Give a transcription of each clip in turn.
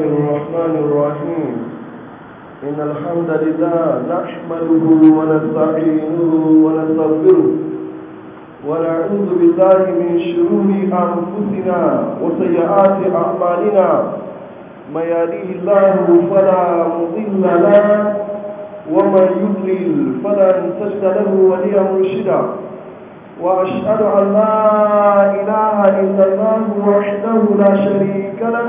الله الرحمن الرحيم إن الحمد لله نحمده ونستعينه ونستغفره ونعوذ بالله من شرور أنفسنا وسيئات أعمالنا ما يهديه الله فلا مضل له ومن يضلل فلا تجد له وليا مرشدا وأشهد أن لا إله إلا الله وحده لا شريك له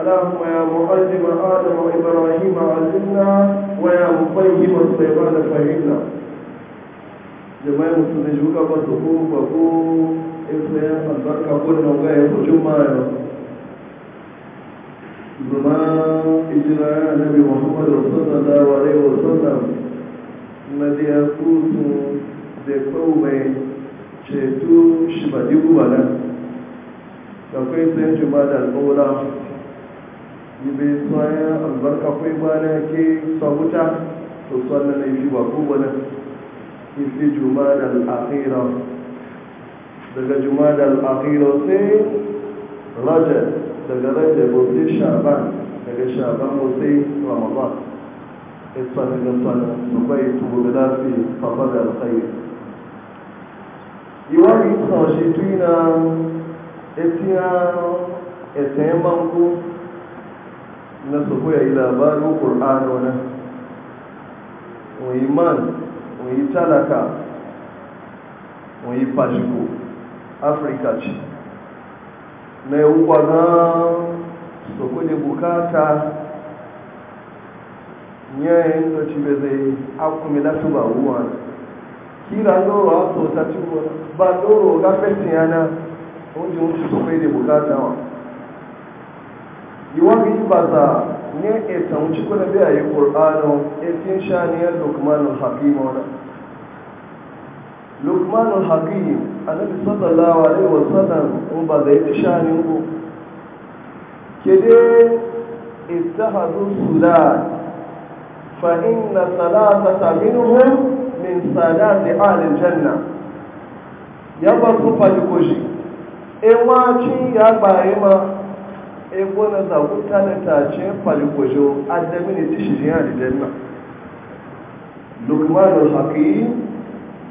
اللهم يا معذب ادم وابراهيم علمنا ويا مطيب الصيبان فهمنا Jamaa mtu zijuka kwa tuku kwa ku Ifu ya mbaka kuri na uga ya kuchuma ya Zuma ijira ya Nabi Muhammad wa sada da wa rei wa sada Nadi ya kutu de kawme Chetu shibadiku wala Kwa kwa ita yungu mada al yi bai albarka kwai bana ke sabuta to tsanna na yi ba kowane ifi jumada al'akira daga jumada al'akira sai rajar daga rajar gobe shaban daga shaban sai ramadan ita daga tsanna su bai tubu da lafi fafa da alkhairi iwari saushi tuina etiya etiyan banku na su koya yi labarin ƙur'ano na wani man wani talaka wani fashiko afirka ci na yi gwanon su kudi bukata yayin da ci bai zai akumila ba ruwa kira loro a so ta ci ba loro gafetin yana wajen wuce su kai bukata wa yiwon yi ba za ne a samu cikin da biya yi ƙur'anu a fin shaniyar lukmanul hakim wani lukmanul hakim a nabi sallallahu alaihi wasallam in ba zai ta shanin ku ke dai ittahadu sudan fa inna salatata minhum min sadati ahli janna ya ba ku fa ko shi e wa ya ba ma ebo eh, na ta na tace falikwajo adami ne tishi ya da janna lukman al-hakim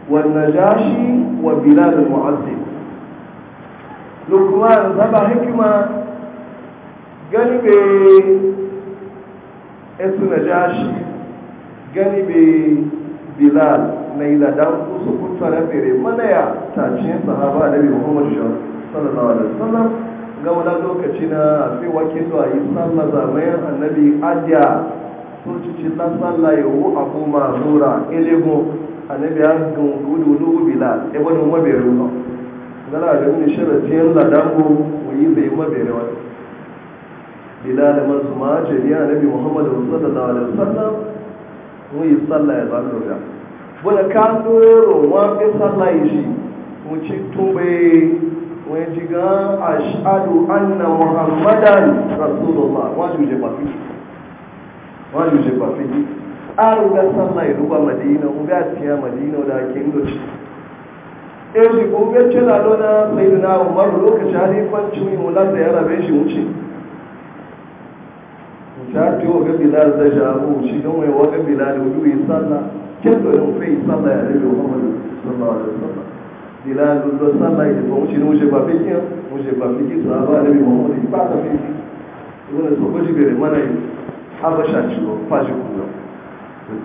wal najashi wa bilal al-mu'azzib lukman zaba hikima gani esu najashi gani bilal na iladan kusa kuta na fere mana ya tace sahaba da bi muhammad sallallahu alaihi wasallam ga wani lokaci na fi wake a yi sallah zamayin annabi adiya sun ci sallah ya sallah yawo abu mazura ilimu annabi ya gun gudu lugu bila ibn mabiru ba gana da ni sharati jiyar dango mu yi bai mabiru wani bila da masu ma ya annabi muhammad sallallahu alaihi wasallam mu yi sallah ya zama da bula kan doro wa fi sallah yi shi mu ci tumbe wọ́n jí gan aṣáàdù anna muhammadan rasulullah wọ́n jù jẹ pàfi wọ́n jù jẹ pàfi aro ga sallah madina madina da ake doci e ji ko ga cela lona sayyidina lokaci halifan cin mulan ya rabe shi wuce ta ce wa wa ya bilal lọ sálà ìdìbò ń ṣe ní oúnjẹ gbàgbé kí oúnjẹ gbàgbé kí sọ abá lẹ́bi mọ̀ ọmọdé ipá àtàfẹ́ yìí ìwọ́n lè sọ́kọ́ jù bẹ̀rẹ̀ mọ́nà yìí abáṣà jùlọ fàájì kù lọ.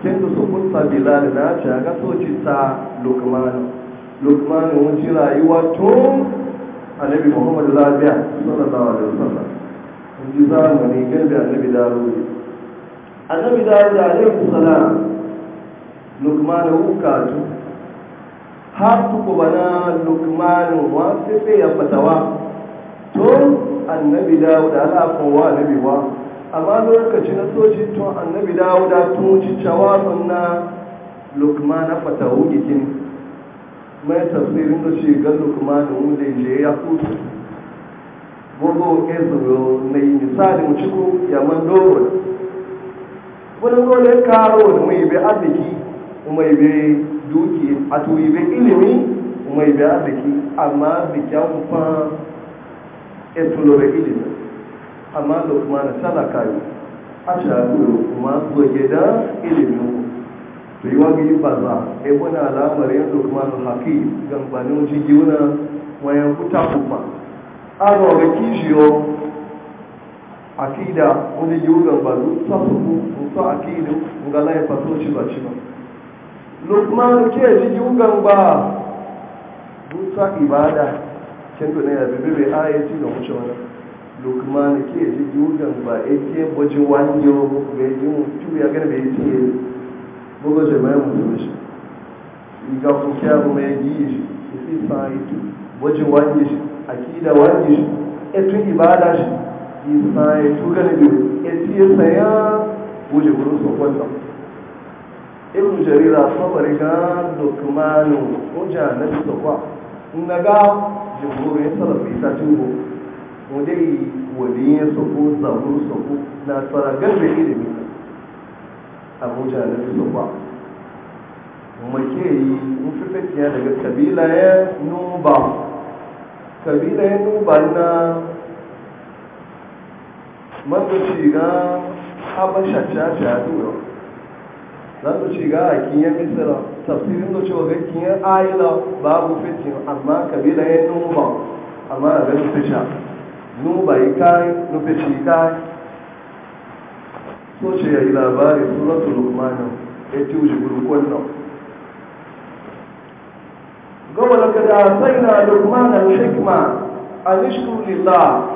kí n tó sọ́kọ́ ta bilal náà ṣe àgàtọ̀ ti ta lukmanu lukmanu ń jira ìwà tó alẹ́bi mọ̀ ọmọdé lábíà sọ́nà táwọn àlẹ́ sọ́nà ń jí sáàmù ní gẹ́gẹ́ alẹ́bi dáró yìí. alẹ́bi dáró yìí alẹ́ har tuku bana lukmanin wa sai ya fatawa to annabi dawo da ala wa annabi wa amma lokaci na soci to annabi da tun ci cewa na lukmana fatawu gikin mai tafsirin da ce ga lukmanin wanda je ya kutu gogo ezuro na yi misali mu ciku ya man doro wani gole karo da mai bi arziki mai bi dukiya a tuyi ilimi mai biya zaki amma bikin fa etulo bai ilimi amma lukman talaka yi a shagoro kuma zoge da ilimin to yi wagi ba za a yi wani alamar yin lukman haƙi gambanin jigiuna wayan kuta kuma a ga wani kishiyo akida wani yiwu gambanin sassu nso akidu ga laifar soci ba ci ba lukman ke jiki ugan ba dusa ibada kin dole ya bibi bai ci da wuce wani lukman ke jiki ugan ba yake e waje wani yau bai ji tu ya gani bai ji bugu zai mai mutu shi iga fuke abu mai e yi shi isi sa'itu waje wani shi akida wani shi etu ibada shi isa e etu gani bai eti ya sayan wuje gurin sokwanta ibn jarira sabari ga dokumanu oja na da kwa na ga jimuru ya salafi ta tubo wadai wadi ya soko zaburu soko na faragar da ilimi abuja na da kwa make yi mafifatiya daga kabila ya nuba kabila ya nuba na mandoci ga abin shacha-shacha duro zan su shiga a kiyan misira tafsirin da cewa ga kiyan ayila babu fitin amma kabila ya nuba amma a ganin sha nuba yi kai nufi shi kai so ce ya yi labari suratul lukmanin ya ci wuce gurkon nan gaba da kada sai na lukmanin shikma a nishkuru lillah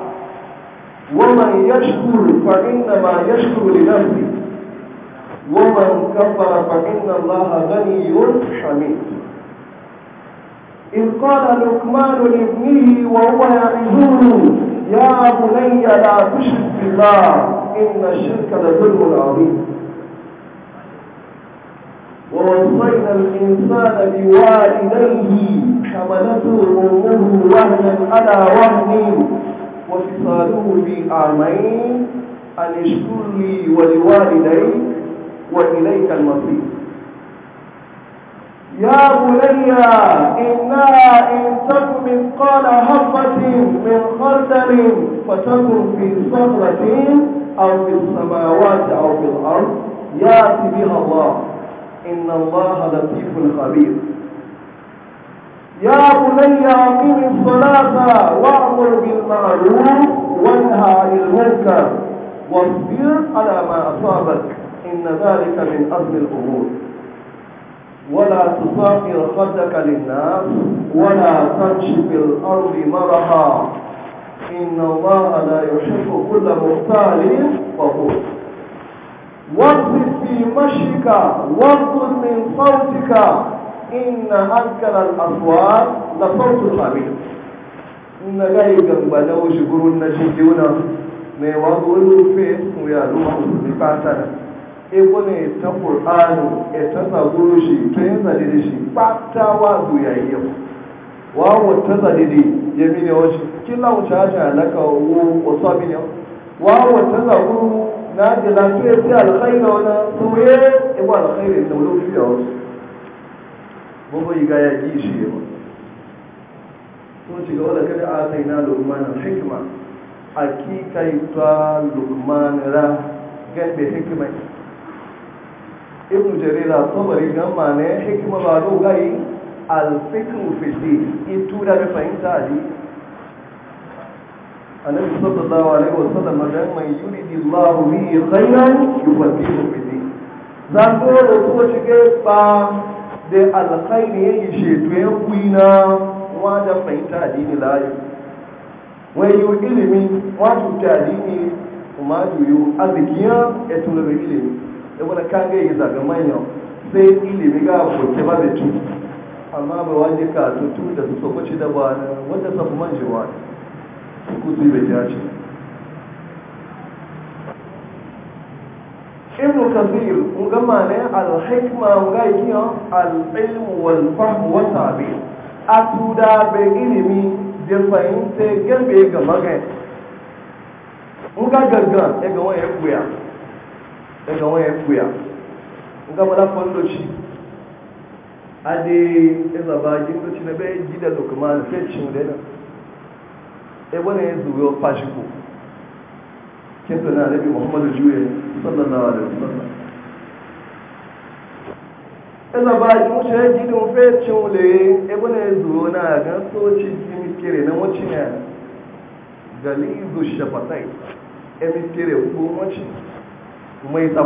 wa man yashkuru fa inna ma yashkuru li nafsihi ومن كفر فإن الله غني حميد إذ قال لقمان لابنه وهو يعظه يا بني لا تشرك بالله إن الشرك لظلم عظيم ووصينا الإنسان بوالديه حملته أمه وهنا على وهن وفصاله في عامين أن اشكر لي ولوالديه وإليك المصير يا بني إنها إن تك مثقال حبة من خردل فتكن في صخرة أو في السماوات أو في الأرض يأتي بها الله إن الله لطيف خبير يا بني أقم الصلاة وأمر بالمعروف وانهى عن المنكر واصبر على ما أصابك إن ذلك من أصل الأمور ولا تصغر خدك للناس ولا تمشي في الأرض مرحا إن الله لا يحب كل مختال فخور واقف في مشيك واقف من صوتك إن أنكر الأصوات لصوت الخبير إن غاي جنبنا وشكرنا هنا ما يوضعوا في اسمه يا لوح بفاتنا e, ne ta ƙur'anu ya ta shi to yin shi ɓata wa ya yi yau wawo ta ya mini wasu kila wuce hajji alaka wasu na jilatu wasu gbogbo yi gaya yi shi yau so ci gaba da kada a sai na hikima a kikai ta lukmanin ra hikima hikimai ibn jarira sabari gamma ne hikima ba do gai alfikin fiti in tura da fahimta ali jiki annabi sallallahu alaihi sallam dan mai yuridi Allah bi khairan yufaqihu fi din zan ko da ko shige ba da alkhairi yayi to ya kuina wa da fahimta ne layu wai yu ilimi wa tu ta dini kuma yu azkiya etu da ilimi da wani yi zaga manya sai ilimi ga koke ba da tu amma ba waje ka tutu da su sokoci da ba wanda safi manje wa su kuzi bai ja ce ibn kabir kun ga mane ne hikma ga yiyo al-ilm wal fahm wa tabi atuda be ilimi da fahimta gambe ga magai kun ga gaggan ya ga wani ya kuya daga wayan kuya ga mala kwandoci ade iza ba gindoci na bai gida lukman fecin da yana ebe ne ya zuwa fashiko kinta na nabi muhammadu juye sallallahu alaihi wasallam iza ba na e, na ko kuma yi sa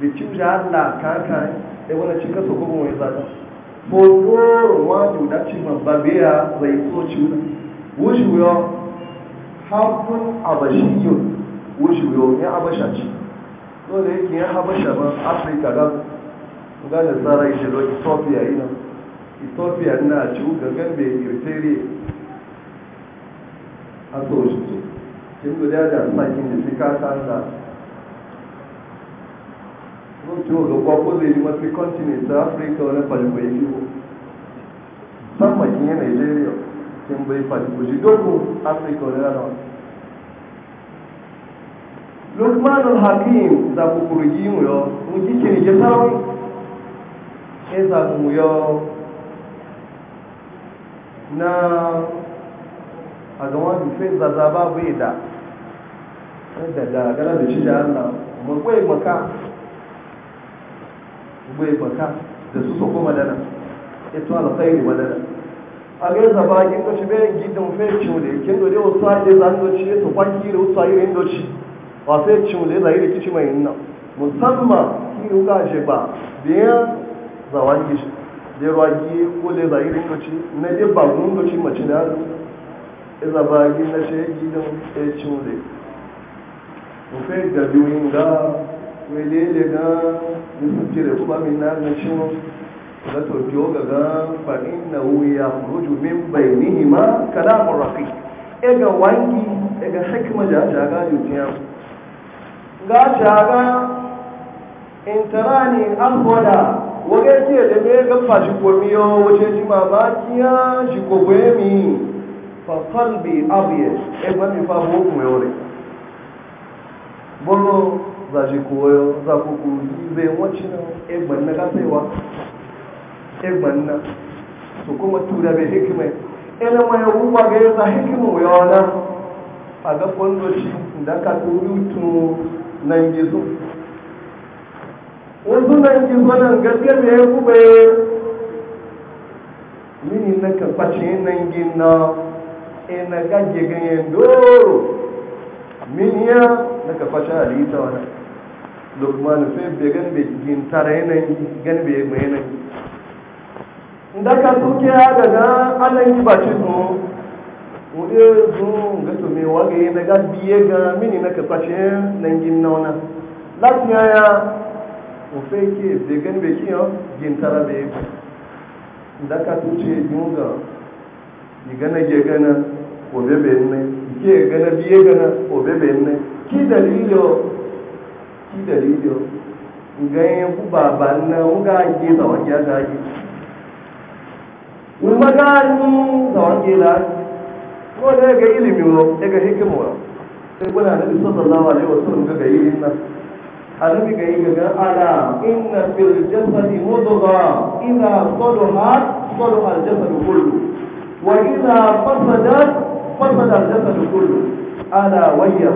da cin da Allah kankan ya wani cin kasa kuma mai zata fotoron wato da cin babbabiya zai so ciwo wushiyo hakun abashiyun wushiyo ya abasha ci so da yake ya abasha ba afirka ga gane tsara ishe don ethiopia yi nan ethiopia na ci gangan bai irtere a tsohon shi ce kin guda da sakin da fi kasa da lóòtú olùkọ́ kó lè wọ́n ti continent africa ọ̀rẹ́ pàdùkù èyí sáàmà kí nàìjíríà ti ń bẹ pàdùkù sí dókun ọ̀rẹ́ hakim zakukuru yi mu yɔ kiri je sawi e na agama bi fe zazaba bu da da da gana da shi da bai baka da su soko madana ito alkhairu madana a ga zaba kin ko shi bai gidan fe chule kin dole dewo sa de zan do chi to kwan kiro sa irin do chi wa fe chule da kici mai nan musamman kiro ga je ba biya zawan gishi da ruwa rwagi ko le da irin do chi na de ba gun do chi mace na zaba kin na she gidan fe chule mu fe da biwin ga wele le ga cire kuma min na na shi da tokiyo gaga fa'in na wuya ruju min bai nihima kalamun rafi ega wangi ega hikima da ta ga yujiya ga ta ga intarani akwada wage ke da me ga shi komiyo wace ji mamakiya shi kogoyemi fa qalbi abyad e ba mi fa hukum bolo za shi koyo za ku kuyi zai wancin egban na kasaiwa egban na su kuma tura bai hikimai ina mai ruwa ga ya za hikimu ya wana a ga fondoci da ka turutu nan gizo wasu nan gizo nan gaske da ya kube mini na kafashe nan gina ina gage ganyen doro miniya na kafashe halitta wani lukman sai bai gan bai gintara yanayi gan bai mai yanayi da ka suke haka na anan yi ba baci su wuɗe su ga to mai waga na ga biye ga mini na kasashe nan gin nauna lati yaya ofai ke bai gan bai kiyo gintara bai yi da ka tuce yin ga yi gana ge gana obe bai nai ke gana biye gana obe bai nai ki dalilin shi da dalilin ganyen guba ba na wuga ke zawon ya gaji wuma gani zawon ke lafi ko da ya ga ilimi wa ya ga hikimu wa sai kuna da bisa sallawa da yawa sun ga yi nan annabi ga yi gaga ala inna fil jasadi mudgha idha salaha salaha al jasad kullu wa idha fasadat fasada al jasad kullu ala wa hiya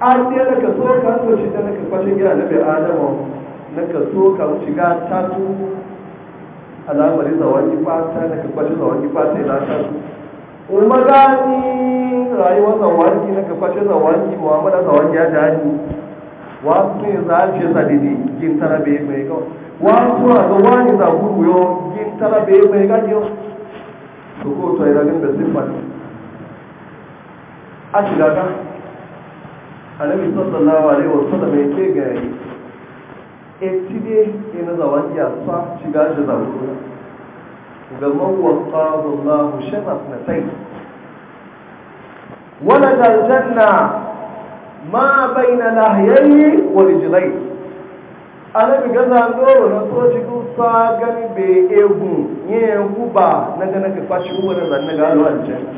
an ne na kaso ka so shi ta na kafashin gina na bai adama na kaso ka shiga tatu alamari zawon fata na kafashin zawon fata ila tatu umma gani rayuwar zawon na kafashin zawon mu'amala zawon ya jani wasu ne za a ce sadidi gin tara bai mai gawa wasu a ga wani za guru yau gin tara bai mai gani yau su ko to ina gani da siffar a shiga ta. annabi sallallahu alaihi wasallam ya ce ga yi eti eh, dai ina zawon ya sa shiga shi wuri ga mawaka Allah shanas na sai wala daljanna ma baina lahiyayi wa rijlai annabi ga zangoro na soji gusa gani be egun ye Huba na ga na ka kwashi wani zanna ga aljanna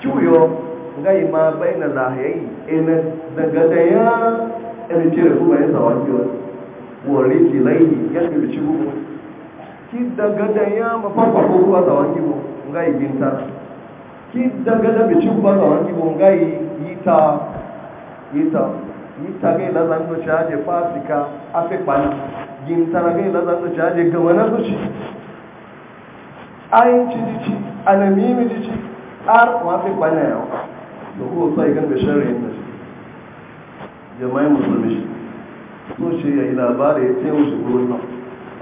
kiwo gai ma bai na zahayayi eh, ina daga da ya ɗarfi da kuma ya zawa kiwa wari filayi ya ɗarfi ci gugu ki daga da ya mafafa ko kuma zawa kiwa gai ginta ki daga da bici kuma zawa kiwa gai yita. Yita, yita ta yi ta gai lazan da shaje fasika a fi kwana ginta na gai lazan da shaje gama na zuci ayin ci jici anamimi jici ar wafi kwana yau da kuma sai kan da sharri na jama'in musulmi shi so shi ya yi labari ya ce musu gurin nan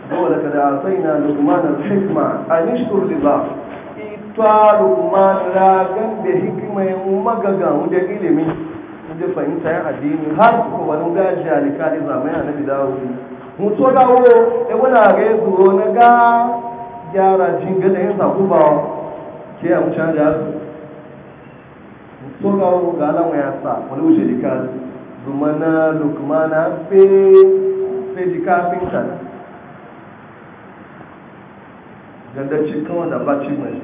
kuma da kada a sai na lukman hikma a nishkur liba ita lukman ragan da hikima ya magaga da ilimi da fahimta ya addini har kuma wani gaji alikali zamani a nabi dawo mutu dawo ya wani a ga ya zuro na ga gyara jinga da yin zakubawa ke a mucan da so ga wo ga ala ya sa wani wuce dika zumana lukmana fe fe dika finta na ganda cikin wanda baci mai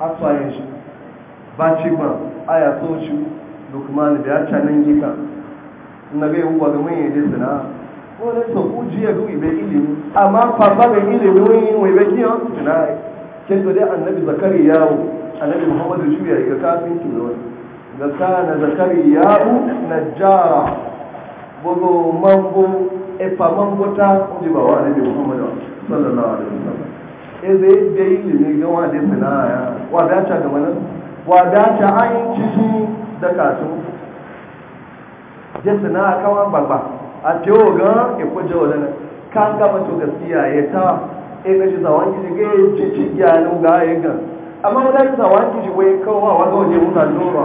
atsayin shi baci ma aya so shi lukmana da ya canan gika na ga yiwuwa ga mai yadda sana'a wọ́n lè sọ fún jí ẹ̀rú ìbẹ̀ ilé mi a máa fa bábẹ̀ ilé mi wọ́n annabi zakari yawo annabi muhammadu Zakari ya kana zakariya'u najjara bugu mango efa mango ta kuji ba wa annabi muhammad sallallahu alaihi wasallam e zai da ilimi ga wanda ya sana ya wadata ga wannan wadata an yi cikin da kasu je sana kawan babba a tewo ga iko je wadana kan ga mato gaskiya ya e ta e ga shi e zawan ji ga cikin ya nu ga ya e ga amma wadata zawan ji wai kawa wa ga waje mutane dora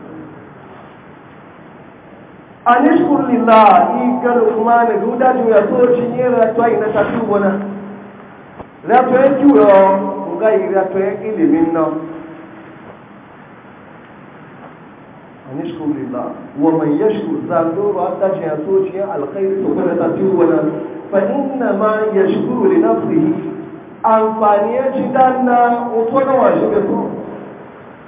anishkur lillah igar kuma e e e na guda ju ya so ci ne ratuwa ina ta tu wana ratuwa ki yo ga ratuwa ilimin nan anishkur lillah wa man yashkur zallo ba ta ci ya so ci alkhair to kuma ta tu wana fa ina ma yashkuru li nafsihi amfani ya ci dan na wato na wajibi ko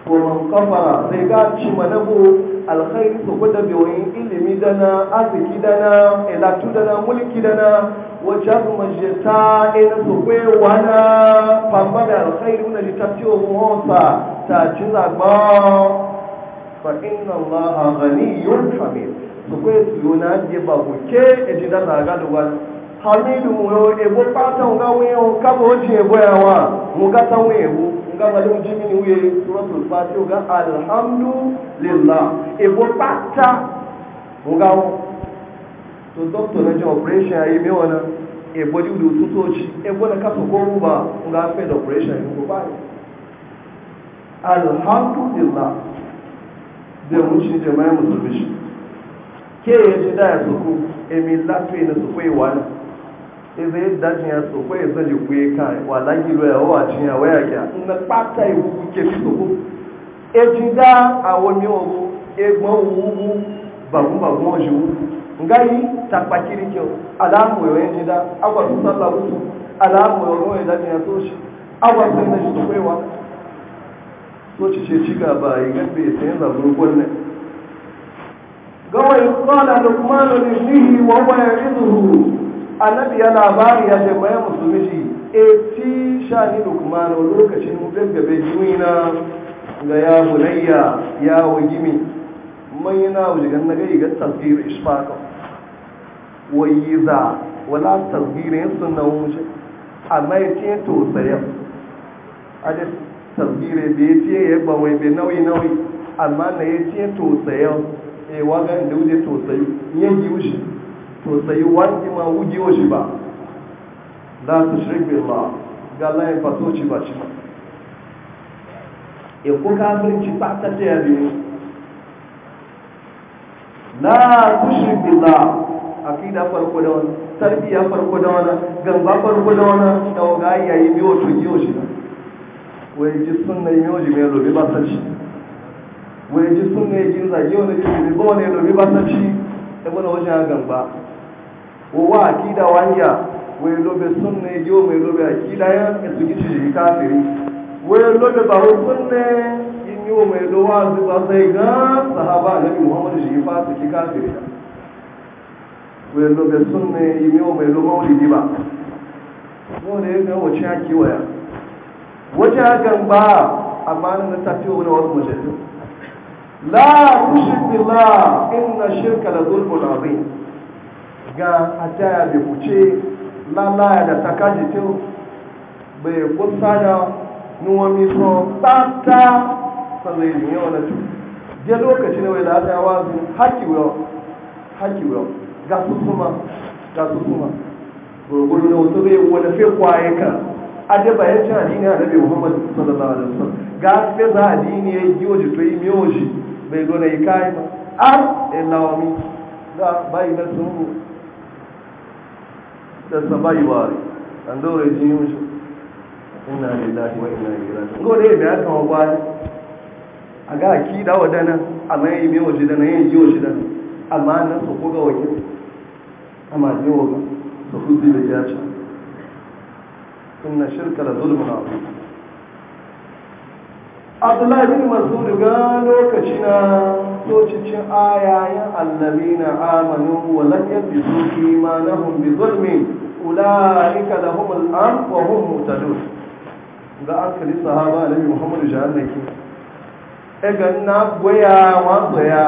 wa man kafara zai ga ci manago alkhairi su kuda biyoyin ilimi dana arziki dana elatu dana mulki dana wajen majeta ina su kwe wana fama da alkhairi wani littafi wa ta ci zagba fa inna allaha ghaniyun hamid su kwe yuna je ba buke ejina zaga da hamidu mu yau ebo fata nga wiyo kabo yawa mu gama ló jí mi níwé sọ́tò fàtí Alhamdu alhamdulillah èbó pátá ọ̀gá tó dọ́kítọ̀ náà jẹ́ ayé mẹ́wọ̀n náà èbó ní ìlú tó tóòjì èbó náà kásọ̀ kó rúbà ọ̀gá fẹ́ ọ̀pẹ́rẹ́ṣẹ̀ ayé mọ́ báyìí zai wuce jama'a musulmi shi ke yi ji da ya suku emi lafiya na sukwai wani eze dajin ya so kwaye zaji kuye kan wala gilo ya wawa cin ya waya ya? Ina pata iwu ke soko ejin da awon mi ogo egbon wugu bagun bagun oji wugu ngayi takpa kiri kyau alamu yau ejin da agwa su sallah wutu alamu yau ruwan dajin ya so shi agwa sai na shi kwaiwa so ci ce ci gaba yi gabe sayan zaburu gwanne gawa yi kwala lukmanu ne shi wa e waya izuhu annabi ya labari ya ce bayan musulmi shi e eh, ti sha ni lukmanu lokacin gaggabe na, ga ya hulayya ya wajimi mai na wujigan na gai ga tasgir ishfaka wayi za wala tasgir yin na wuce amma ya ce to tsaye a da ya bai ce ya ba wai bai nauyi nauyi amma na ya ce to tsaye e wagan da wuce to tsaye yin yi wuce sosai wani ma wuji oji ba la su shirik Eu ga layin fato ci ba ci ba e ko kafirci ba ta ce ya biyu la su shirik billah akida farko da wani tarbiya farko da wani gamba farko da wani da waga yayi biyo to giyo shi wai ji sunna yiwo ji mai lobi ba ta Eu wai hoje, sunna yi jin wa akida wanya wai lobe ne yo mai lobe akida ya su gici shi kafiri wai lobe ba sunne yin yo mai lowa su ba sai ga sahaba annabi muhammad shi fa su ki kafiri wai lobe sunne yin yo mai lowa wuri ba dole ga wace ake waya wace hakan ba amma nan ta ce wani wasu majalisa la tushrik billah inna shirka la zulmun azim ga ataya bai kuce lalaya da takaji tun bai gusa da nuwami so tsata sannan yi yawa da tu je lokaci ne wai lataya wazi haki wuyo haki wuyo ga su kuma ga su kuma gurguru na wasu bai wani fi kwaye ka aje bayan cin adini a nabi muhammadu sallallahu alaihi wasallam ga fi za adini ya yi waje to yi miyoji bai zo na yi kayi ba ar ilawami eh, za bayi na sun ta sabai wari an dore ji mushi inna lillahi wa inna ilaihi raji'un go dai da aka wa a ga ki da wadana amma yi me waje da nan yi waje da amma nan su ko ga waje amma ne waje su kudi da ya ci inna shirka la zulmun azim Abdullahi bin Mas'ud ga lokaci na lokacin ayayen allabina amanu wa lam yalbisu imanahum bi zulmin ula'ika da humul an wa hum mutadun e ga an kali sahaba alaihi muhammadu jahannaki e Egan na gwaya wa tsaya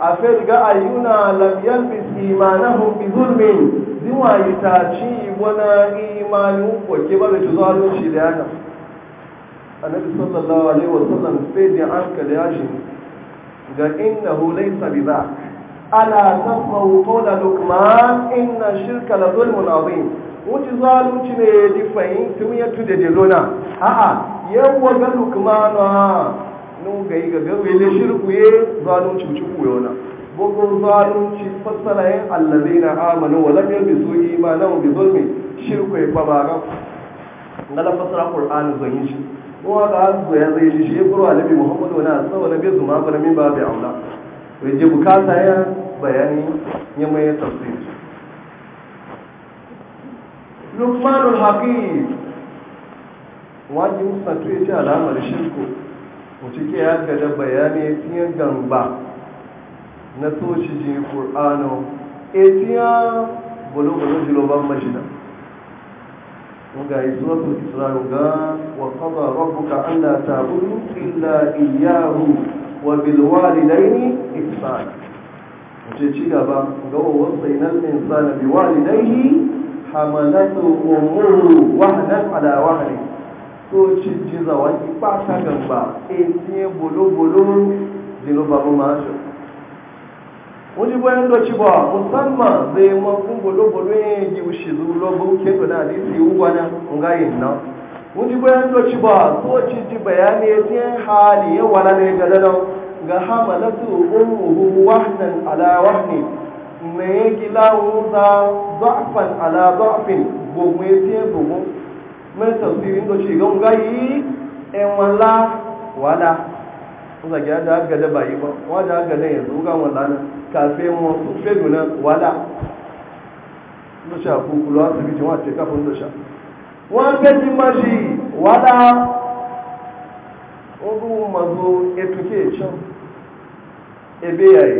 a fe ga ayyuna ayuna lam yalbis imanahu bi zulmin ziwa ta ci wani imanin kwake ba da tuzo shi da yana annabi sallallahu alaihi wasallam sai da an kali yashi ga innahu laysa bi dhak ala tasma'u qawla luqman inna shirka la zulmun azim wuce zalunci ne ya ji tun ya tude da lona a'a yawwa ga luqman nun ga yi ga gawe le shirku ye zalunci ci kuyona bugu zalunci fassara yin allazina amanu wa lam yalbisu imanahum bi zulmi shirku ya fa baga ngala fassara qur'ani zan yi shi wa ga azu ya zai shi shi qur'ani bi muhammadu wa na sawa nabi zuma ba min babi aula waje bukata ya bayani ya mai tafsir lukmanul haqiq wani musatu ya ce alamar shirku Mu ke ya gada bayani fiye gamba na soci ji ƙur'ano etiya gwalo bolo jiloban mashina ga yi zuwa su isra'u ga wa qada ka an da tabu illa iyahu wa bilwalidaini ihsan ce ci gaba ga wasan nan insana biwalidaihi hamalatu umuru wahdan ala wahdi so ci ji zawa ki pata gamba e tiye bolo bolo dinu babu majo wani bayan doci ba musamman zai makon bolo bolo ya e yi wushi zuwa lobo ke kuna da isi ugwana ngayin nan wani bayan doci ba doci ji bayani ya hali ya wala ne ga dadan ga hamalatu ummuhu wahnan ala wahni me ya gila wuza za'fan ala za'fin gugu ya fiye gugu mai tafsirin doci ga ngayi en wala wala kusa gya da aga da bayi ba wada aga da yanzu ga wala na kafe mu su fedu na wala doci a kukulwa a bi jima'a ce kafin doci wọ́n pẹ́jì máa ṣe wádá ogun mazo can ebe yayi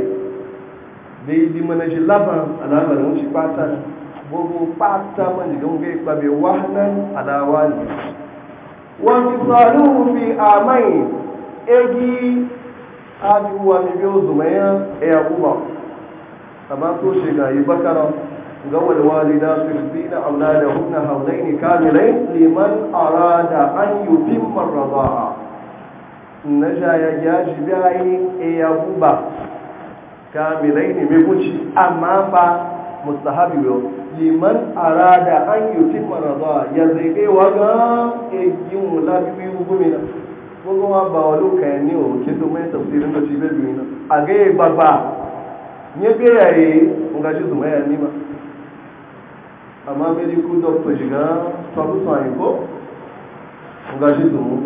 da yi di mana shi laban alamar wuce pata gbogbo pata man jigan gai kwabe wahanan alawa ne wọ́n fi sọ́rọ̀ fi àmáyì egi aduwa mi bí ó zùmọ̀ yẹn ẹ̀yà kúbọ̀ àbá tó ṣe gàyí bákàrọ̀ Gawar walwalida su yi na aula da hunna haulai ne kamilai liman arada an yi fimmar raba'a na shaya ya shi bayi ya guba kamilai ne mai kuci amma fa mustahabi yau liman arada an yi fimmar raba'a ya zai kai waga e yin wula biyu gumina gbogbo ba wa lóka ẹni o kí tó mẹ́ tafsirin tó ṣe bẹ́ẹ̀ bí i náà àgẹ́ ìgbàgbà ní ẹgbẹ́ yàrí nǹkan ṣe tùmọ̀ yà ní amma medical doctor shiga fagufayi ko ga shi zumu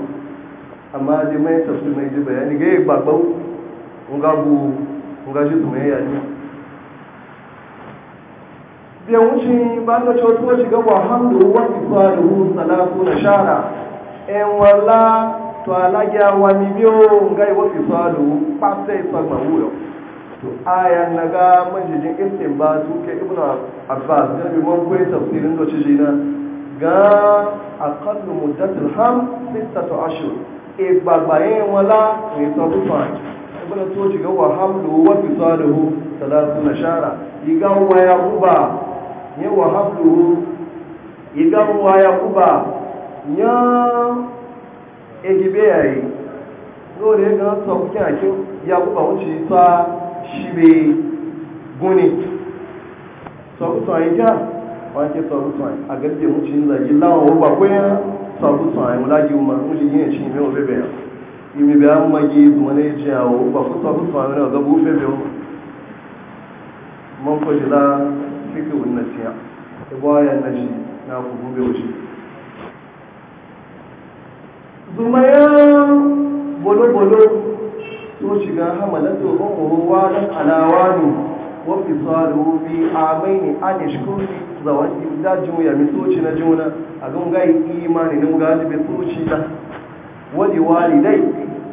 amma ji mai tafi mai ji bayani ga yi babban ga bu ga shi zumu ya yaji biyan wuce ba na cewa tuwa shiga wa hamdu wa ifadu salatu na shara en wala to alagya wa mi ngai ga yi wa ifadu pasta ifagba wuyo to aya na ga majijin istin ba su ke ibn abbas galibi man kwaye tafsirin da ciji na ga akallu muddatul ham sittatu ashur e gbagbaye wala ne ta rufa ibn to ci ga wa hamlu wa fisaluhu salatu nashara iga wa ya kuba ne wa hamlu iga wa ya kuba nya egibe yayi dole ga sauki akin ya kuba wuce ta shi bai gune sautuwaye ja wake sautuwaye a gaske mucin yin zagi lawan ba kwaya sautuwaye mulagi umar mucin yin shi mai obe bayan imi bayan magi na shi zuma ya bolo-bolo shiga ga hamalatu umuru wa dan alawani wa fisalu bi amaini an yashkuri zawan da juya mi soci na juna a gun ga imani nan ga bi soci da wadi walidai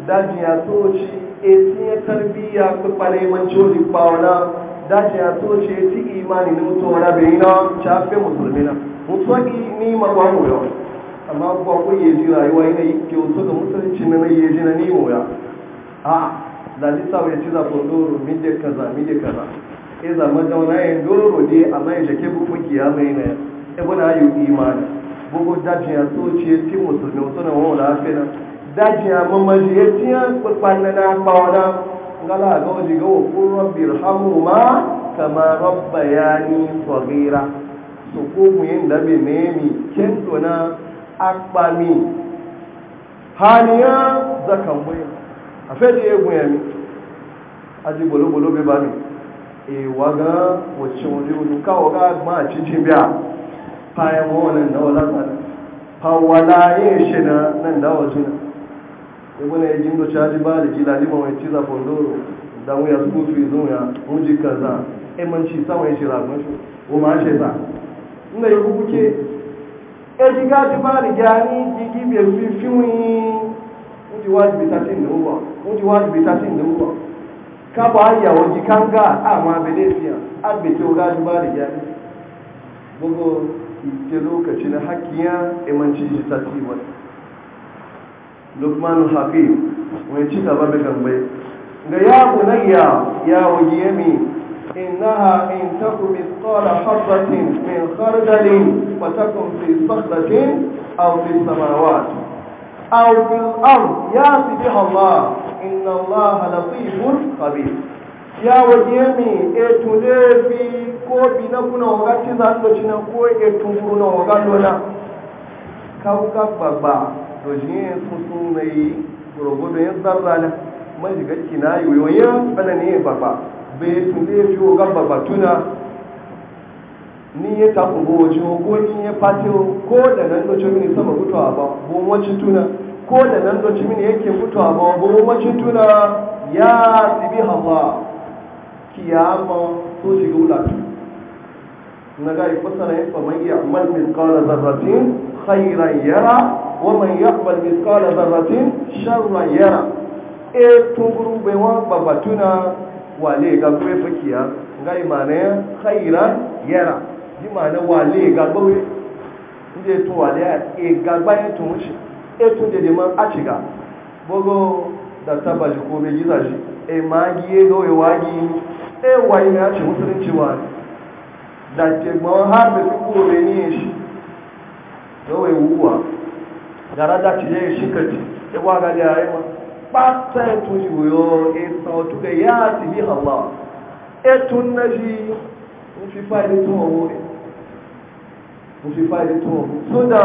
daji ya soci e tiye tarbiya ko pale man chodi paula daji ya soci e ti imani ne mutu na beina chafe musulmina mutu ni mu yo amma ko ko yeji rayuwa yana yi ke wasu ga musulunci na yi ji na nemo ya a lalisa wai ci za ko doro mide kaza mide kaza e za ma dauna yin doro dai amma ya shake bukuki ya mai na e bana yi imani bugu dajin ya so ya ti musulmi wasu na wani lafiya na dajin ya mamaji ya ti ya kwanna na kwana ngala ga waje ga wa kun rabbi rahamu ma kama rabba ya ni tsagira so ko mu yin dabe ne mi kendo na akpami haniya zakan wai àfẹ́dí egun ẹ̀mí àti gbòlógbòló bíbá ní ìwà gan wòtí òní olùkáwọ̀ gáàgbọ́n àti pa ẹ̀wọ̀n wọn náà látàrí pa wà láyé ìṣe náà náà sí náà egun ẹ̀yẹ ń lọ́ṣẹ́ àti bá rẹ̀ jí lálẹ́ mọ̀ school fees ń ya jí kaza ẹ̀ mọ̀ ń ṣe sáwọn ẹ̀ ṣe ṣe ó máa ń ṣe bá ti wá jìbìtà sí ìnáwó wọ́n ti wá jìbìtà sí ìnáwó kábọ̀ àyàwó jí káńgá àmà abẹ́lé fi hàn agbètè ọ̀gá àdúgbò gbogbo ìtẹ lókàci na hakiya imanci ji ta ti wani hafi wani ci gaba da gambe ga ya bunayya ya wajiye mi إنها إن تك مثقال حبة من خردل وتكن في صخرة أو في السماوات أو في الأرض يأتي بها الله إن الله لطيف خبير ya waje mai Tunde lefi ko bi na kuna waga ci za to ci na ko etu kuna waga lona kauka babba to shi ne sun na yi gurgudu ya zarra na majigaci na yi yoyin bana ne babba bai etu lefi waga babba tuna ni ya tafi gowace ko ni ya fatiyo ko da nan doce mini sama mutuwa ba bo wacin tuna ko da nan doce mini yake mutuwa ba bo wacin tuna ya tibi hafa kiyama so shiga wulatu na ga ifasara ya fa mai ya'mal mithqala dharratin khairan yara wa man ya'mal mithqala dharratin sharran yara e tunguru bai wa babatuna wale ga kuma fa kiyama ga imane khairan yara bí màá ní wà lé ìgbàgbọ́ wí ndé tún wà lé ìgbàgbá yẹn tún ṣe é dèdè mọ́ àṣìgà gbogbo dàtà bàjì kò bẹ yíza máa gí é ìwà gí é wà yìí ní àṣìwò tó ń wà ní ha bẹ náà ṣe ń fi fáìlì tún ọwọ́ rẹ̀ mu fi fadi to suna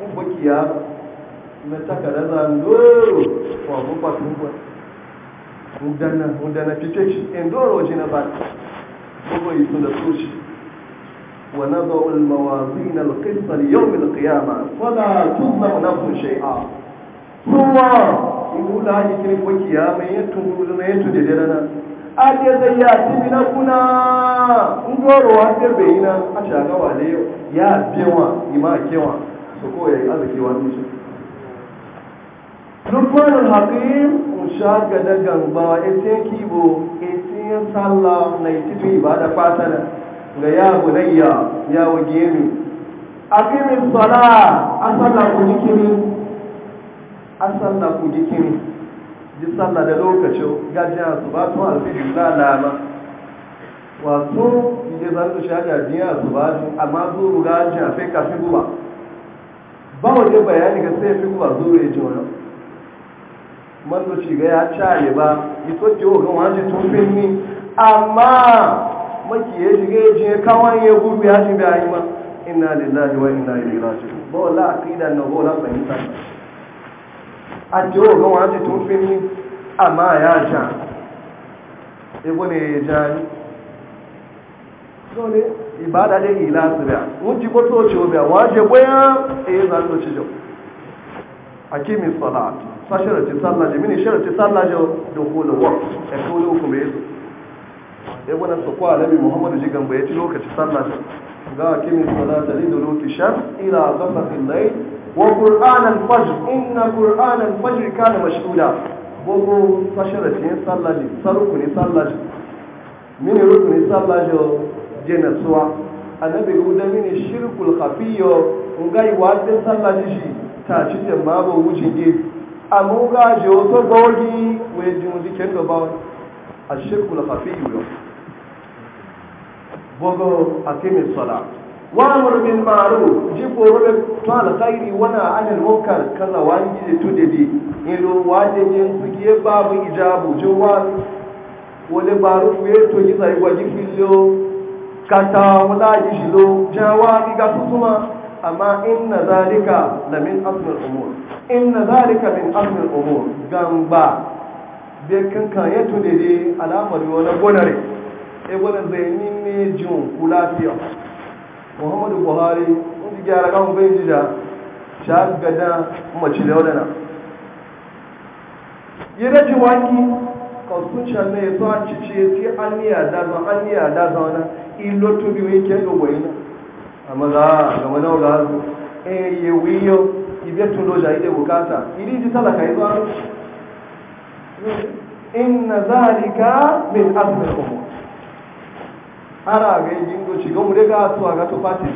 mun bakiya na takara za mu doro wa mu fatu ba mu danna mu fice shi in doro shi na ba ko yi so shi wa nadau al mawazin al qist li yawm al qiyamah fala tuzlam nafsun shay'a kuma in wula yi kin bakiya mai yatu na tun da na ake zai ya tibi na kuna ngoro wa ke bayi na a da wale ya biyanwa ima kewa su ko ya yi arziki wa nishi lukmanin hakim shaga da gamba bu kibo yin salla na ititu ibada da ga ya gudayya ya wage mi akimin sala asalla ku jikiri asalla ku jikini ji sallah da lokacin gajiyar su ba tun alfihar lalama wato ije za su shaja jiya su ba su amma zuru gajiyar sai ka fi guba ba waje bayani ga sai fi guba zuru ya ji wani mando shiga ya caye ba ito ke ogan wani tun filmi amma maki ya shiga ya je kawai ya gudu ya shi bayan ma inna lillahi wa inna ilaihi raji'un ba wala aqida na bola fahimta ake o gan wani tun fi ya ja ebo ne ni so ne ibada ne ila su biya wun ti ko toce o a ji je boya e yi za toce jau akimi salat sa mini sharati sallah jau wa e kula ku me alabi muhammadu jigan lokaci sallah ga kimin salata lidulu fi shams ila ghasaq al-layl wa qur'an al-fajr inna qur'an al-fajr kana mashhuda gogo fasharatin sallaji sarku ne sallaji mini rukuni sallaji jena suwa annabi huda mini shirkul khafiyyo ngai wadin sallaji shi ta ci jama'a wuce ge amma ga je to gogi we jumuji kendo ba ashirkul khafiyyo bogo akimi sala wa amr bil ma'ruf ji koro da kairi khairi wana anil munkar kaza wangi da tude di ilo waje yin suke babu ijabu wa wole baru we to ji sai gwaji filo kata wala ji shilo bi ga kuma amma inna zalika la min asmi umur inna zalika min asmi umur gamba be kan kan yato dede alamar wani gonare ebola benin ne jin kula fiye muhammadu buhari in ji gyara kan bai ji da shagada mace da na. yi da ji waki kasuwa ne ya tsawa cice ti an yi a daza an yi a daza wani ilo to biyu yake ga wani a maza ga wani wula hazu eh yi wiyo ibe tun loja ide bukata ili ji talaka yi tsawa inna zalika min asmin umar ara ga yi gindo ci ga mure ga su ga gato fati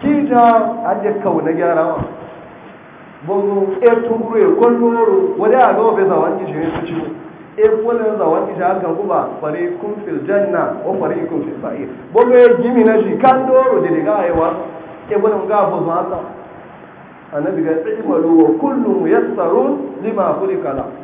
ki ta ajiye kawo na wa bongo e tunguru e kondoro wani a gawa bai zawon gishi ne su ci e kwallon zawon gishi haka kuma fari kun janna o fari kun fil sa'ir bongo e gimi na shi kan doro da daga aiwa e wani ga abu zuwa ta annabi ga tsimalu wa kullum ya tsaro lima kulika kala.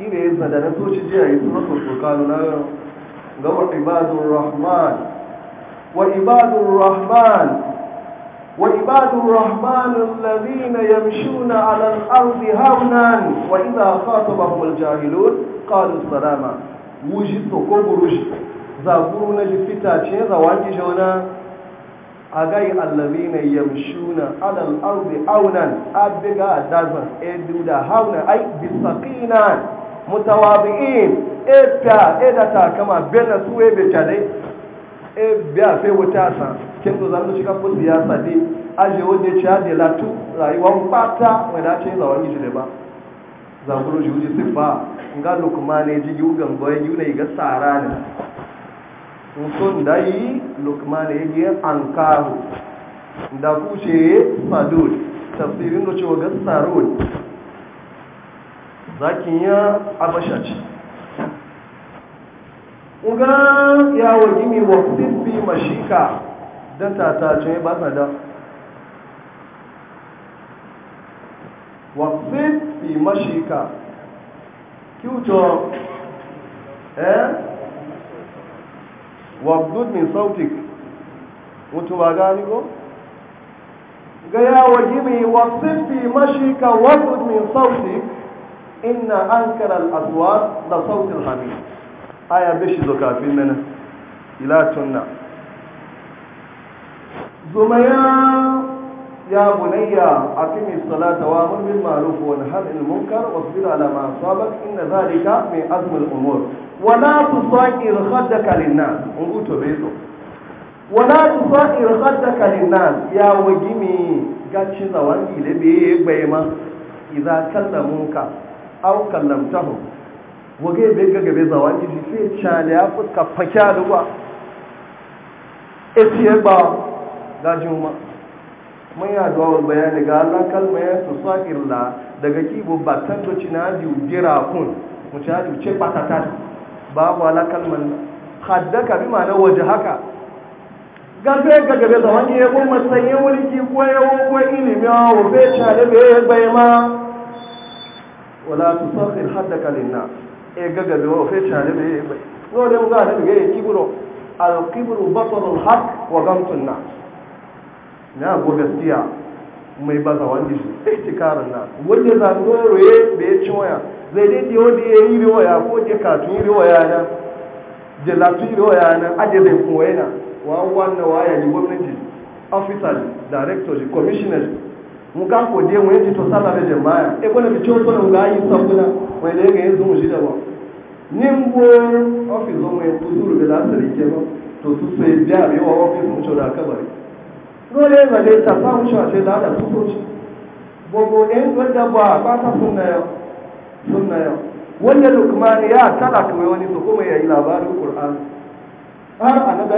ina yin da na soci jiya yi suna soso kanu na ga wa ibadun rahman wa ibadun rahman wa ibadun rahman alladhina yamshuna a al-ardi hawnan wa idha khatabahum al-jahilun qalu salama wuji to ko burushi za guru na ji fita ce za waki jona a gai allazina yamshuna ala al-ardi awnan a dazan edu da hawnan ay bisaqina mutawabi'in eta eda ta kama bela su e be tale e biya fe wuta san kin zo zan shiga ko siyasa ne aje wode cha de la tu rayuwa pata wanda ce da wani jide ba za guru juji sifa nga lukmane ji yugan boye yune ga sara ne musun dai lukmane yake ankaru da kuce sadud tafsirin da cewa ga sarud zakin ya abasha ce uga ya waje mi wa fiffi mashika don ba sa da wa mashika eh wa gudun sautik mutu ba gani ko ga ya waje wa mashika wa gudun sautik inna an karar da sautin hami ya bai shi kafin mana ilatun na zumaya ya bunayya a fimis salata wa mulmin maruf wa nahar munkar wa sabira ala ma asabak inna zalika mai azmul umur wala tu saki rahadaka linnas in guto bai zo wala tu saki rahadaka linnas ya wajimi gaci zawan ile bai gbaima idan kallamunka aw kallamtahu wage be ga gabe zawanji ji sai chale ya fuska fakya duwa ya ba gajin juma mun ya zuwa bayani ga Allah kalma ya su sa'irla daga kibo batan to cinaji jira kun mu cinaji ce patata babu ala kalman haddaka bi ma'ana waje haka gafe ga gabe zawanji ya gumma sanye wulki ko yawo ko ilimi wa be chale be ya ma wala sakhir haddaka linnas e gaga do fe tare be no da mu ga ta ga yayi kibro al kibru batarul haq wa gamtun na na go gaskiya mai baza wanda shi ihtikarin na wanda za mu roye da ya ci waya zai dai da di ya yi riwaya ko je katun yi riwaya na je latu yi riwaya na aje zai koyi na wa wannan waya ni gwamnati officer director commissioner muka ko je ji to sala da jama'a e kona na chon kona ga yi sabuna na le ga yanzu mu jida ba nimbo office o mun tuzuru be la sari ke ba to su sai biya bi wa office mun chora kabari dole ba le ta fa mun chora da da su soci bobo en wanda ba ba ta sunna ya sunna ya wanda ya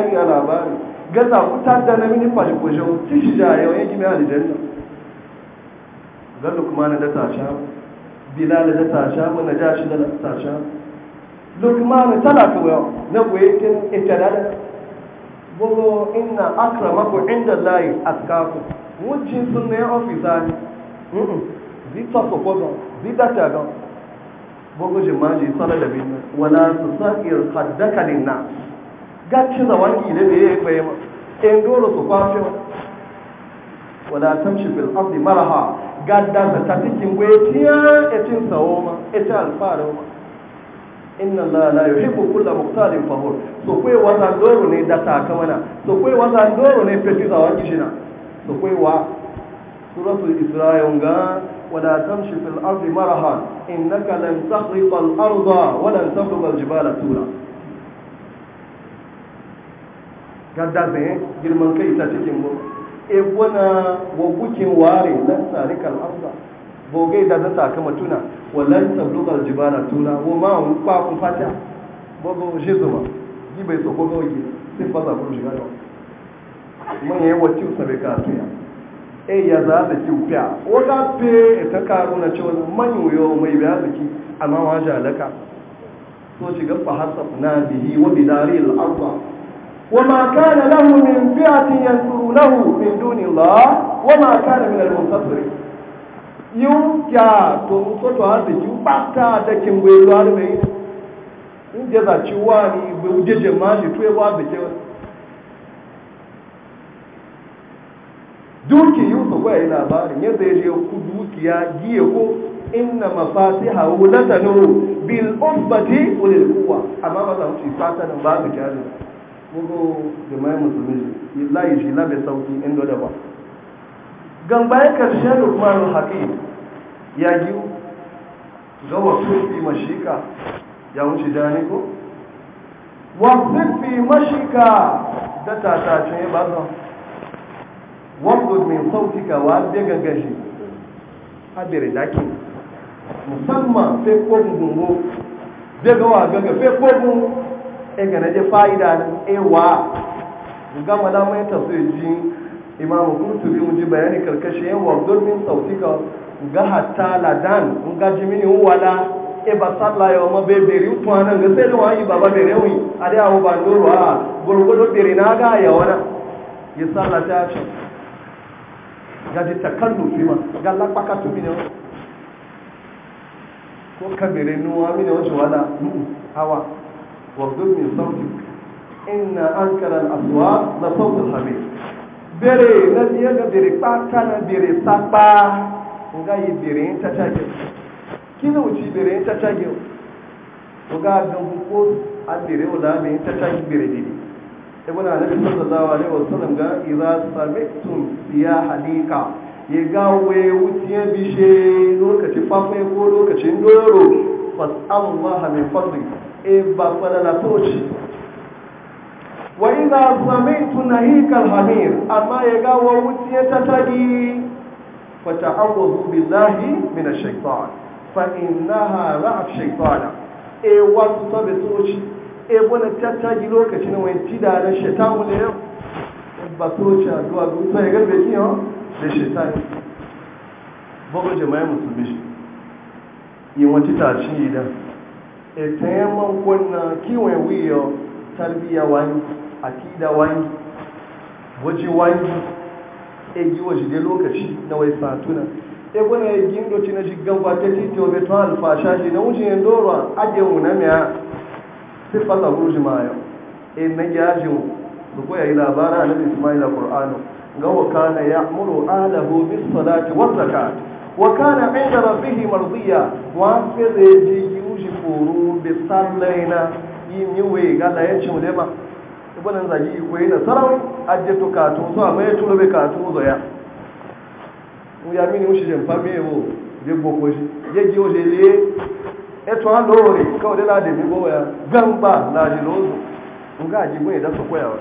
ya labarin gaza kutar da yau ga na da tasha bilal da tasha wanda ja shi da tasha lukman tana wa na goyetin itadada bogo inna akramaku inda lai askaku wujin sun ne ofisa ne zita sokoto zita shagan bogo jimaji sala da bin wala su qaddaka haddaka linna gacci da wangi da be yi kwaye ma in dole su kwashe wala tamshi fil ardi maraha gada da ta cikin gwetiya etin sawo ma etin alfahari ma inna Allah la yuhibbu kulla muqtalin fahur so kai wata doro ne da ta mana so kai wata doro ne feti za wa kishina so kai wa suratul isra'il ga wala tamshi fil ardi maraha innaka lan tahriqa al arda wa lan tabluga al jibala tura gadda ne girman kai ta cikin gwetiya ebona wa bukin ware lan tsarikar amsa bogai da zata kama tuna wallan tsabdukar jibana tuna wa ma hu kwa ku fata bogo shi zuma ji bai so sai yi sai ku kun shiga da mun yi wa tiu bai ka ya e ya za da ki fiya o ga pe e ta karu na cewa man yoyo mai biya da ki amma wa jalaka so shiga fa hasab na bihi wa bidaril arda وما كان له من فئة ينصرونه من دون الله وما كان من المنتصرين yunka ka soto hazi jubata da kingwe ruwar mai inda za ci wa ni bai wujeje ma shi tuwe wa da ke duki yusuf ya yi labarin yadda ya je duki ya giye ko inna mafasi hau latanu bil ubbati ulil kuwa amma ba fata da jama'in musulmi su layi shi labe sauki inda da ba gan bayan karshen lukman haƙi ya yi ga wasu fi mashika ya wuce dani ko wasu fi mashika da tatacin ya ba zan wasu sauki ka wa abin gaggashi haɗe daki musamman sai ko gungo daga wa gaga sai ko gungo e ga je fa'ida e wa ga malamai ta so ji imamu kurtubi mu ji bayani karkashin yan wardon min sautika ga hatta ladan ga jimini wala e ba sallah ya ma be beri tuwana ga sai da wani baba bere wi a da abu ban doro a gurgudu bere na ga ya wana ya sallah ta ce ga ji takallu fi ma ga lakpa ka tumi ne ko ka bere nuwa mini wajen wala hawa wabdun min sauti inna an karan na sautin habe bere na biya ga bere kpaka bere sakpa nga yi bere yin tacage kila wuci bere ta tacage nga ga ko a bere wula mai yin tacage bere didi da anabi sallallahu alaihi wasallam ga idza sami'tum siya hadika ya ga waye wuciye bishe lokaci fafai ko lokacin doro fas'alullah min fadli e ba falala toci wa ina zamaitu nahikal hamir amma ya ga wa wuti ta tagi fa ta'awwadu billahi min ash-shaytan fa innaha ra'at shaytana e wa to be toci e bona ta tagi lokacin wani tida da shaytanu ne ba toci addu'a to ya ga be kiyo da shaytani bugu jama'a musulmi yi wata tashi da. etayen wannan kiwon wiyo tarbiya wani akida wani waje wani egi waje dai lokaci na wai satuna e gwana ya gindo ci na jigan ba titi wa beto alfasha shi na wuce yin doro ajiye mu na miya siffata ruji mayo e na gyajin da kuwa yi labara na ismail a ƙur'anu ga wakana ya muru alahu bis salati wa zakat wakana inda rabbihi marziya wa sai zai ya ji wuce foro da sallai yi miwe ga da ya ci mulema ibanin zagi na sarari ajiye to kato so a mai tulo bai kato zoya mu ya mini wuce jan fami yabo da boko shi e ya ji wuce liye eto an lori kawai dala da migo ya gamba na ji lozo mu ga ji mai da su koyawa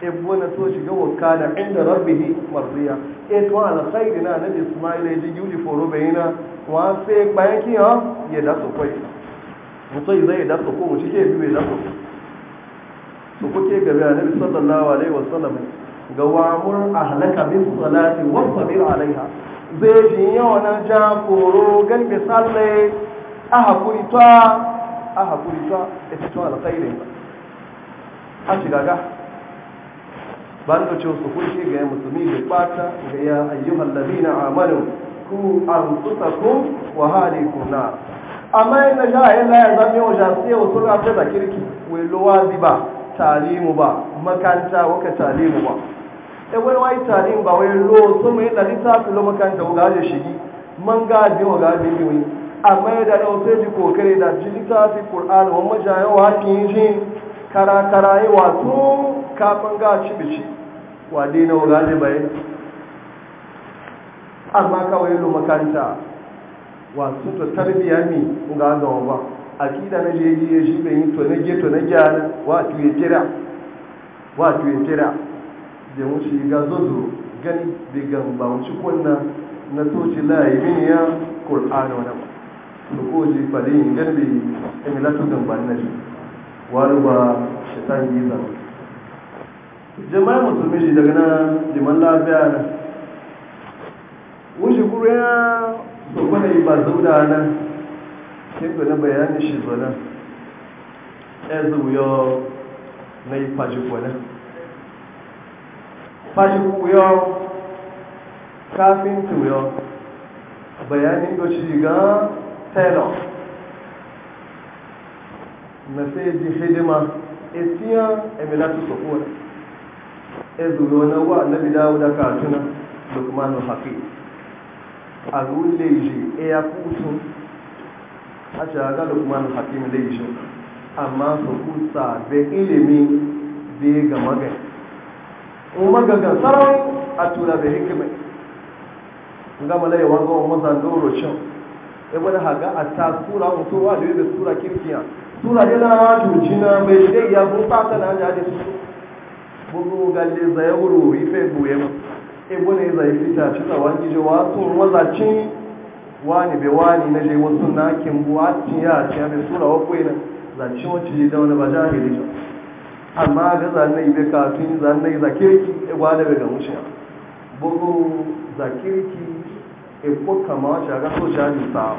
ebo na so shiga da inda rabbihi marziya eto an alkhairina na ismaila ya ji yuli foro na. wọ́n fẹ́ gbayẹ́ kí hàn yẹ̀dá yìí mutum zai yẹ̀dá sọ̀kọ́ mu cike biyu yẹ̀dá sọ̀kọ́ sọ̀kọ́ ke gabe ga a alaiha zai na ja koro a a a shiga ga ga musulmi da ga ya ayyuhan ladina amanu ku anfusakum wa halikum na amma da ga a la ya zama yau ja sai wasu sura ta da kirki wai zi ba talimu ba makanta waka talimu ba e wani wai talimu ba wai lo su mai da su lo makanta wuga je shigi man ga je wa ga je ni amma da da sai ji kokare da ji litafi kur'an wa majayawa kin ji kara kara yi wato kafin ga ci bici wa dina wuga wa bai amma kawai lo makaranta wasu to tarbiya mi ga gawa ba akida na jeji ya shi bayin to na geto na gyara wa tuye kira wa tuye kira da mu shi ga zozo gani da gamba mu ci kunna na toci la yi min ya qur'ana wa nama to ko ji fare yin garbe in la to gamba na shi waru ba yi giza jama'a musulmi daga na jiman lafiya shi guriya da kuna yi ba zauna nan sai gane bayanin shi zo nan ya zuwa na yi fashi kwanan fashi kuyo kafin tuyo bayanin da shi ga taylor na sai ji hidima etiyan emilatu sokola ya zuwa na wa na bidawo da katuna lukmanu haƙi a rule ji ya kusu a shaga lukman hakim laiji amma su kusa da ilimi da ga magan magagan sarari a tura da hikimai gama laiwa gawon mazan doro can da haga a ta sura mutuwa da yadda sura kirkiya sura yana jujina mai shirya ya gufa na jade su bugu galle zai wuri fe buye mu ebo ne zai fita ci tsawon gijo wasu mazacin wani bai wani na je wasu na kin buwacin ya ce mai sura wakwai na zaci wacce ji dauna ba da jo amma ga zanne ibe kafin zanne zakirki e gwada ga mushi bugu zakirki e ko kama wacce ga so shaji sa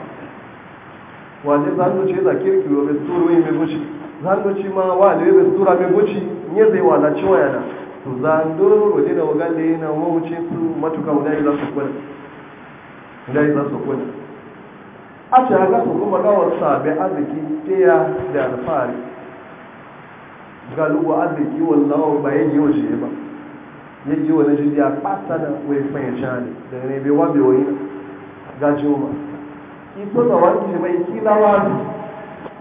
waje zanne ce zakirki wo be suru mai gushi zanne ci ma wa da bai sura mai gushi ne zai wala ciwa yana zando waje da waganda yana mawuce su matuka wadda za su kwana wadda za su kwana a ce haka su kuma gawar sabi arziki ɗaya da alfahari galubu arziki wallawa ba yin shi ba ya ji na shi ya da wai fahimta ne daga ne bai wabe wani ga juma ito da wani mai kila wani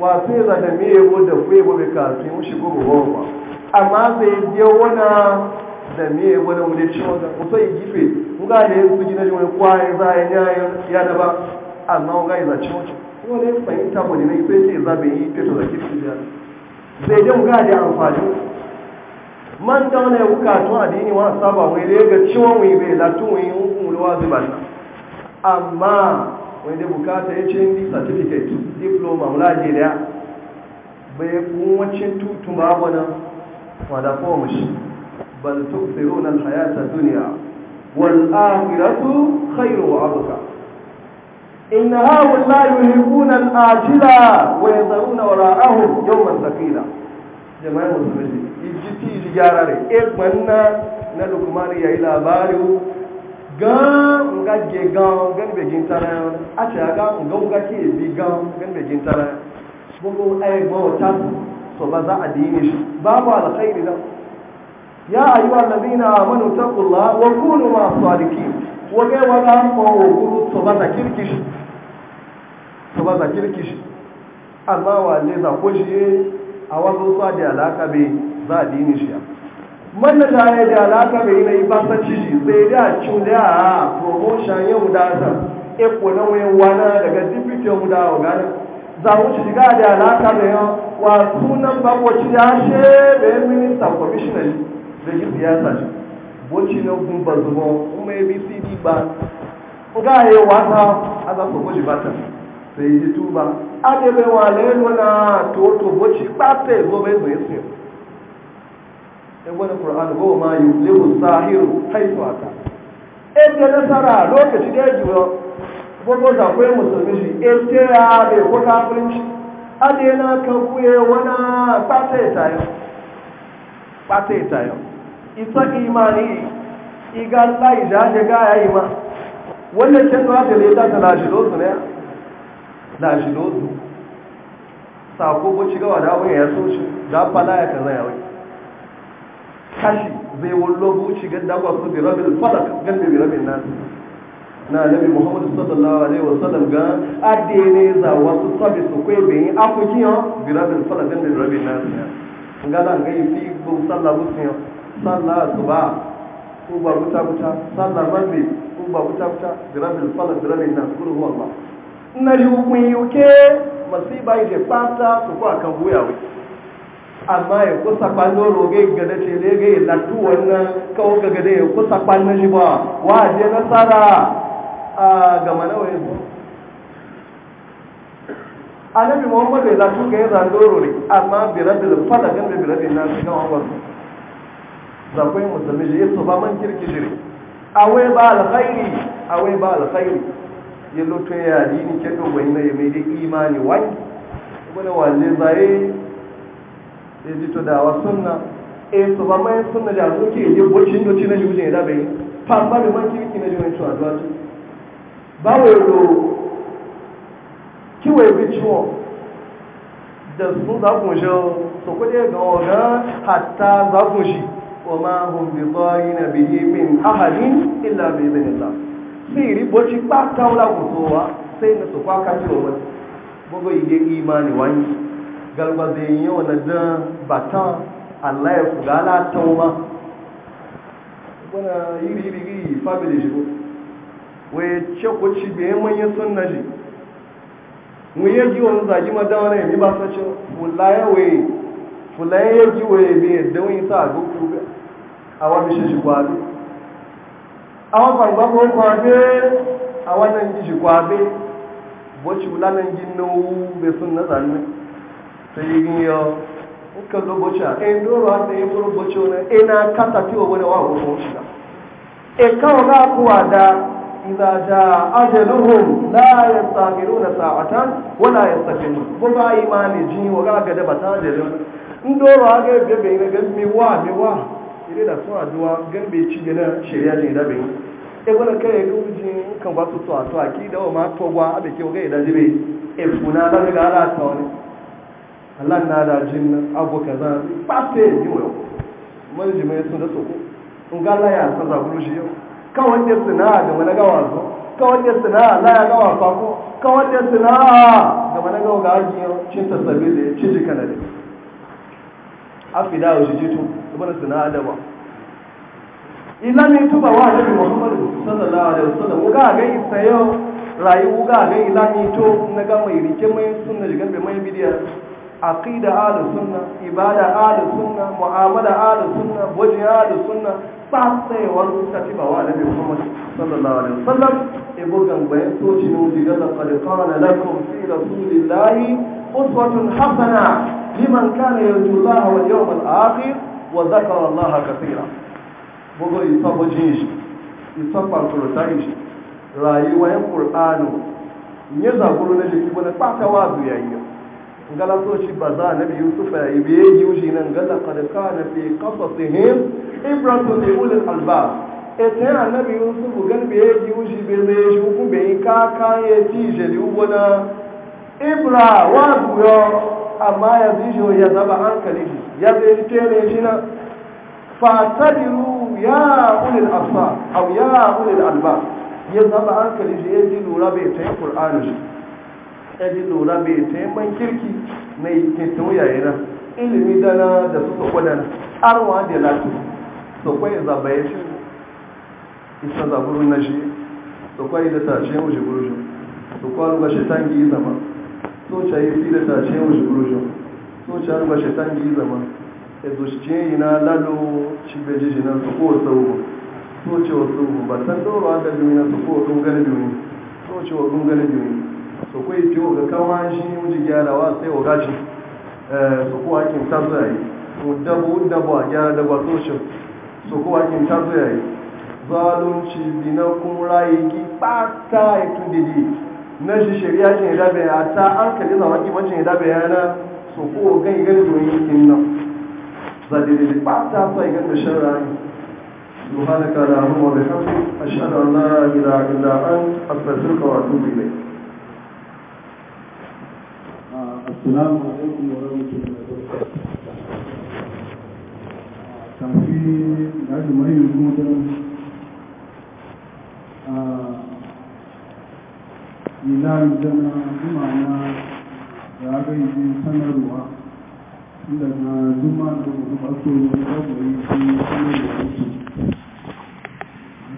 wasu ya zata me yabo da kwe bobe kasu yi mushi ko ba amma zai je wana da me ya gwada da ciwon da kusa yi gife muka da yin su gina jiwon kwaye za a yi ya da ba amma muka yi zace wacce kuma ya fahimta wani ne sai ce za bai yi fito da kifin da zai je muka da amfani man da wani bukatun addini wa saba wai da ga ciwon wai bai latun wai mulwa zuba amma wai da bukata ya ce ndi certificate diploma mulaje da bai kuma cin tutuma wannan wada bal baltu firunan hayata duniya wal'afiratu khairu wa abuka inna hawan layu hibunan ajila wa ya zaruna wa ra'ahu yau man tafila jama'in musulmi ijiti jigara ne irman na na lukumari ya yi labarin gan gage gan gan begin tara yawon a ce ya ga gan gage bi gan gan begin tara gbogbo ayi gbogbo tabu to ba za a dine shi babu alkhairi da ya ayyuhal ladina amanu taqullaha wa kunu ma sadiqin wa ga wa da ko guru to ba za kirkish to ba za kirkish amma ne za ko shi a wasu sa da alaka bai za a dine shi man da ne da alaka bai na yi basanci shi sai da cin da promotion yau da ta eko na wayan wana daga deputy mu da ogana za mu shiga da alaka da yau wa sunan baboci ya she minista commissionary da yi siyasa shi boci na gun ba zuba kuma ya ba ga ya wata a za su goji bata sai yi tuba a da na boci pata ya bai zai su ya gwada ma sahiru aka ebe nasara lokaci da ya jiwa gwagwada kwaye musulmi shi ebe ya adena kabuye wana pate tayo pate tayo Ita imani iga Allah ijaje ga ya ima wannan kin da da leda da lashiro su ne lashiro su sako ko shiga wa da wani ya so shi da fala ya kaza ya wai kashi zai wallo buci shiga da ba su bi rabbil falak galbi bi rabin nan. na nabi muhammadu sallallahu alaihi sallam ga adene za wasu sabi su kwe bayin akukiyan birabin falafin da rabin na ngala ga yi fi bu sallah musulun sallah suba ku ba kuta kuta sallah maghrib k'u ba kuta kuta birabin falafin birabin na kuru huwa ba na yi hukun yi uke masiba yi fata su kuwa kan buya wuce amma ya kusa kwanon roge gada ce ne ga yi latu wannan kawo gada ya kusa kwanon shi ba wa je nasara a gama nawa yanzu annabi muhammadu ya zafi ga yin zandoro ne amma birabin fada gan da birabin na shiga wangon zakwai musulmi shi yasu ba man kirki shiri awai ba alkhairi awai ba alkhairi ya loto ya yi ni ke dogon na ya maida imani wani wani wale zaye ya ji to dawa sunna e eh, su ba mai sunna da suke yi bocin doci na jujin ya dabe famba da man kirki na jujin su a zuwa báwo èrò kíwẹ̀ ibi ciwọ̀ da su zafin shi su kudi ga ọ̀gá hatta zafin ma hun bi zari na bi min ahadin illa bi bin illa sai iri bocci ba ta wula kusowa sai na wa gbogbo ide na dan batan allah ala Wee ce ku ci biye manyan sunna ji mu yi ji wani zagi ma dawa ne mi ba sa ce fulaya wai fulaya ya ji wai bi da wani sa go ku a wani shi shi kwabe a wani ba ko kwabe a wannan ji shi kwabe bo ci ulanan ji no be sunna zanne sai yin yo e ka zo bo ci e a en doro e a sai furo bo ci ona ina kata ti o wani wa ho ho shi da e ka ga ku ada إذا جاء أجلهم لا يستغفرون ساعة ولا يستقيمون بابا إيمان جي وغا قد بتاجلون ndoro aga ebe bai na gan mi wa mi wa ile da suna duwa gan ci gana shirya jin da bai e wala kai ya guji kan ba su to a aki da wa ma to gwa abe ke ga idan jibe a funa da ga ala ji mai kawai da sana'a da mana gawa su kawai da sana'a la ya gawa fa ko kawai da sana'a da mana gawa ga ajiye cin tasabi da cin jikana da afida shi jitu mana sana'a da ba ilami tuba wa nabi muhammadu sallallahu alaihi wasallam uga ga isayo rayu ga ga ilami to na ga mai rike mai sunna jiga mai bidiya aqida ahlus sunna ibada ahlus sunna muamala ahlus sunna wajhi ahlus sunna tsatsayewar ta ci ba wa annabi Muhammad sallallahu alaihi wasallam e burgan bayan soci ne wuce ga laqad qala lakum fi rasulillahi uswatun hasana liman kana Allah wal yawm al akhir wa dhakara Allah katira bugo isa shi isa farkuru ta ya zaburu na jiki bane fatawa zuwa yayi galatoci ba za na biyu su yi uh, biye yuji nan gala kadaka na fi kasasihim ibratun da ulil alba ete a na biyu su bugan biye yuji be zai shi hukun be yi kaka ya ci jeli ubona ibra wa buyo amma ya zijo ya zaba hankali shi ya zai shi ne shi na fatadiru ya ulil alba ya ulil alba ya zaba hankali shi ya ji e lura bai ta yi Kur'ani. ɗari lura mai taimman kirki na kintin yayi nan ilimi dana da su sokwa dana arwa da lati sokwa ya zaba ya ce isa zaburin na shi sokwa ya da tashe mu shi gurushin sokwa ruga shi tangi yi zama soca yi fi da tashe mu shi gurushin soca ruga shi tangi yi zama ya e zo shi ce yi na lalo shi beji shi nan sokwa wasu ugu soce wasu ugu ba san doro a da biyu na su wa gungar biyu ce wa gungar biyu so ko eh, yi fiye kawo kawan shi wuce gyarawa sai oga shi. su kuwa hakin tazo yayi su dabu dabu a gyara dabo a toshin so ko hakin tazo yayi zalunci bina kun rayu ki ɓata ya tun didi. na shi shari'a shi ya dabe ya ta an kalli zama kimacin ya dabe ya na so ko gan igar kin nan za dede ɓata sa igar da shan rayu سبحانك اللهم وبحمدك أشهد أن لا إله إلا أنت أستغفرك وأتوب إليك السلام عليكم ورحمة الله وبركاته kafi da ake mai yanzu a ilari jana zuma na da aka yi sanarwa inda na zuma da wasu basu da yi